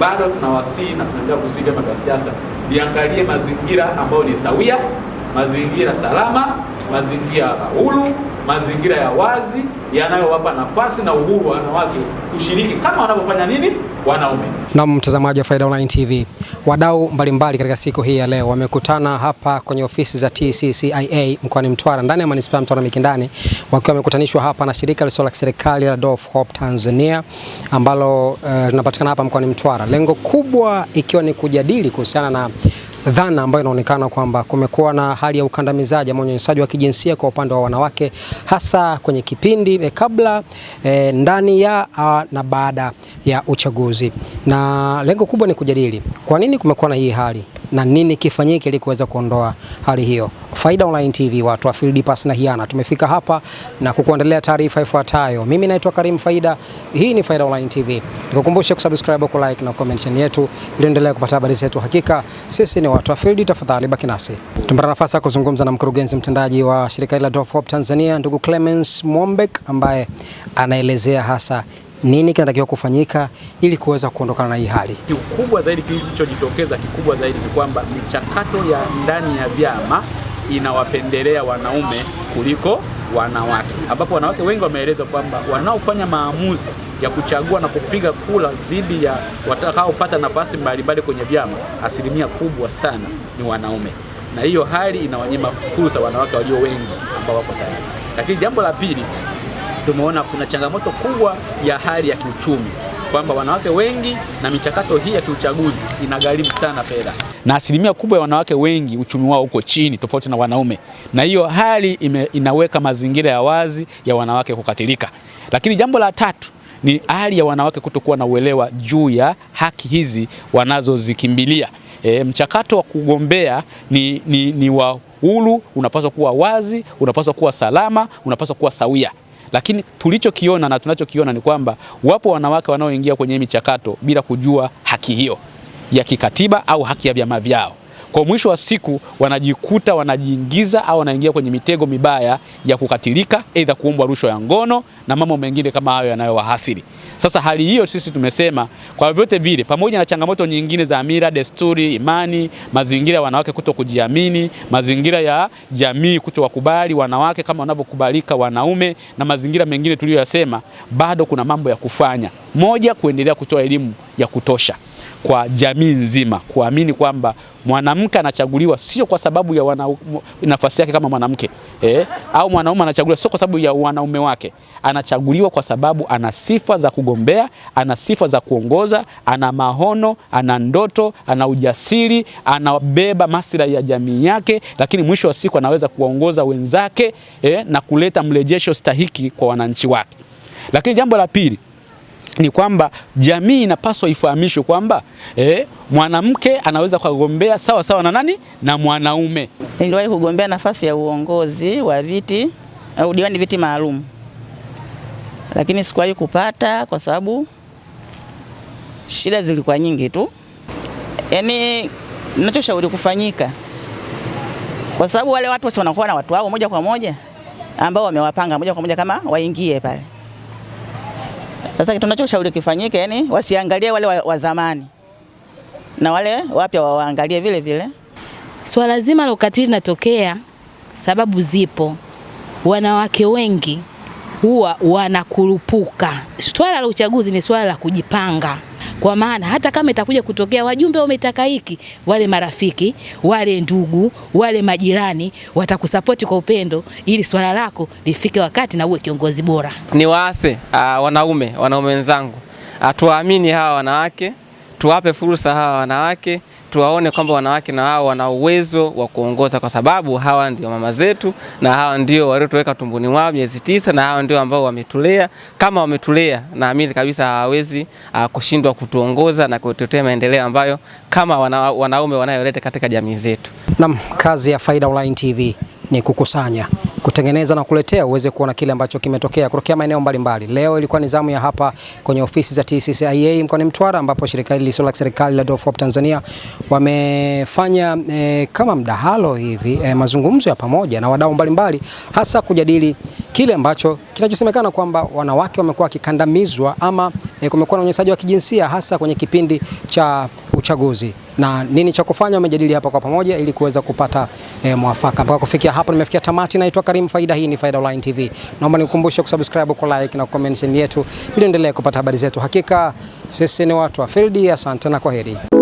bado tunawasii na tunaendelea kusihi vyama vya siasa viangalie mazingira ambayo ni sawia, mazingira salama, mazingira huru mazingira ya wazi yanayowapa nafasi na uhuru wanawake kushiriki kama wanavyofanya nini wanaume. Na mtazamaji wa Faida Online TV, wadau mbalimbali katika siku hii ya leo wamekutana hapa kwenye ofisi za TCCIA mkoani Mtwara ndani ya manispaa ya Mtwara Mikindani, wakiwa wamekutanishwa hapa na shirika lisilo la kiserikali la Door of Hope Tanzania ambalo eh, linapatikana uh, hapa mkoani Mtwara, lengo kubwa ikiwa ni kujadili kuhusiana na dhana ambayo inaonekana kwamba kumekuwa na hali ya ukandamizaji ama unyanyasaji wa kijinsia kwa upande wa wanawake hasa kwenye kipindi e, kabla e, ndani ya a, ah, na baada ya uchaguzi, na lengo kubwa ni kujadili kwa nini kumekuwa na hii hali na nini kifanyike ili kuweza kuondoa hali hiyo. Faida Online TV, watu wa field pass na hiana, tumefika hapa na kukuandalia taarifa ifuatayo. Mimi naitwa Karim Faida, hii ni Faida Online TV. Nikukumbushe kusubscribe, ku like na comment yetu ili endelee kupata habari zetu. Hakika sisi ni watu wa field, tafadhali baki nasi. Tumepata nafasi ya kuzungumza na mkurugenzi mtendaji wa shirika la Tanzania, ndugu Clemens Mombek ambaye anaelezea hasa nini kinatakiwa kufanyika ili kuweza kuondokana na hii hali. Kikubwa zaidi kilichojitokeza kikubwa zaidi ni kwamba michakato ya ndani ya vyama inawapendelea wanaume kuliko wanawake, ambapo wanawake wengi wameeleza kwamba wanaofanya maamuzi ya kuchagua na kupiga kura dhidi ya watakaopata nafasi mbalimbali kwenye vyama, asilimia kubwa sana ni wanaume, na hiyo hali inawanyima fursa wanawake walio wengi ambao wako tayari. Lakini jambo la pili tumeona kuna changamoto kubwa ya hali ya kiuchumi kwamba wanawake wengi na michakato hii ya kiuchaguzi inagharimu sana fedha, na asilimia kubwa ya wanawake wengi uchumi wao uko chini tofauti na wanaume, na hiyo hali ime, inaweka mazingira ya wazi ya wanawake kukatilika. Lakini jambo la tatu ni hali ya wanawake kutokuwa na uelewa juu ya haki hizi wanazozikimbilia. E, mchakato wa kugombea ni, ni, ni wa huru, unapaswa kuwa wazi, unapaswa kuwa salama, unapaswa kuwa sawia. Lakini tulichokiona na tunachokiona ni kwamba wapo wanawake wanaoingia kwenye michakato bila kujua haki hiyo ya kikatiba au haki ya vyama vyao. Kwa mwisho wa siku wanajikuta wanajiingiza au wanaingia kwenye mitego mibaya ya kukatilika, aidha kuombwa rushwa ya ngono na mambo mengine kama hayo yanayowaathiri. Sasa hali hiyo sisi tumesema kwa vyote vile, pamoja na changamoto nyingine za mila, desturi, imani, mazingira ya wanawake kuto kujiamini, mazingira ya jamii kuto wakubali wanawake kama wanavyokubalika wanaume na mazingira mengine tuliyoyasema, bado kuna mambo ya kufanya. Moja, kuendelea kutoa elimu ya kutosha kwa jamii nzima kuamini kwamba mwanamke anachaguliwa sio kwa sababu ya wana, nafasi yake kama mwanamke eh, au mwanaume anachaguliwa sio kwa sababu ya wanaume wake, anachaguliwa kwa sababu ana sifa za kugombea, ana sifa za kuongoza, ana mahono ana ndoto, ana ujasiri, anabeba maslahi ya jamii yake, lakini mwisho wa siku anaweza kuwaongoza wenzake eh, na kuleta mrejesho stahiki kwa wananchi wake. Lakini jambo la pili ni kwamba jamii inapaswa ifahamishwe kwamba eh, mwanamke anaweza kugombea sawa sawa na nani na mwanaume. Niliwahi kugombea nafasi ya uongozi wa viti au diwani viti maalum, lakini sikuwahi kupata kwa sababu shida zilikuwa nyingi tu. Yaani ninachoshauri kufanyika, kwa sababu wale watu wanakuwa na watu wao moja kwa moja ambao wamewapanga moja kwa moja, kama waingie pale sasa kitu tunachoshauri kifanyike, yani wasiangalie wale wa, wa zamani na wale wapya waangalie vile vile. Swala zima la ukatili linatokea, sababu zipo. Wanawake wengi huwa wanakurupuka. Swala la uchaguzi ni swala la kujipanga kwa maana hata kama itakuja kutokea wajumbe wametaka hiki, wale marafiki wale ndugu wale majirani watakusapoti kwa upendo, ili swala lako lifike wakati na uwe kiongozi bora. Ni waase uh, wanaume wanaume wenzangu, hatuwaamini ah, hawa wanawake tuwape fursa hawa wanawake, tuwaone kwamba wanawake na wao wana uwezo wa kuongoza, kwa sababu hawa ndio mama zetu na hawa ndio waliotuweka tumboni mwao miezi tisa na hawa ndio ambao wametulea. Kama wametulea, naamini kabisa hawawezi uh, kushindwa kutuongoza na kutetea maendeleo ambayo kama wana, wanaume wanayoleta katika jamii zetu. Naam, kazi ya Faida Online TV ni kukusanya, kutengeneza na kuletea uweze kuona kile ambacho kimetokea kutokea maeneo mbalimbali. Leo ilikuwa ni zamu ya hapa kwenye ofisi za TCCIA mkoani Mtwara, ambapo shirika hili lisilo la serikali la Dofop Tanzania wamefanya e, kama mdahalo hivi e, mazungumzo ya pamoja na wadau mbalimbali hasa kujadili kile ambacho kinachosemekana kwamba wanawake wamekuwa wakikandamizwa ama e, kumekuwa na unyanyasaji wa kijinsia hasa kwenye kipindi cha uchaguzi na nini cha kufanya, wamejadili hapa kwa pamoja ili kuweza kupata e, mwafaka. Mpaka kufikia hapo nimefikia tamati. Naitwa Karim Faida, hii ni Faida Online TV. Naomba nikukumbushe kusubscribe, ku like na comment yetu ili endelee kupata habari zetu. Hakika sisi ni watu wa field. Asante na kwaheri.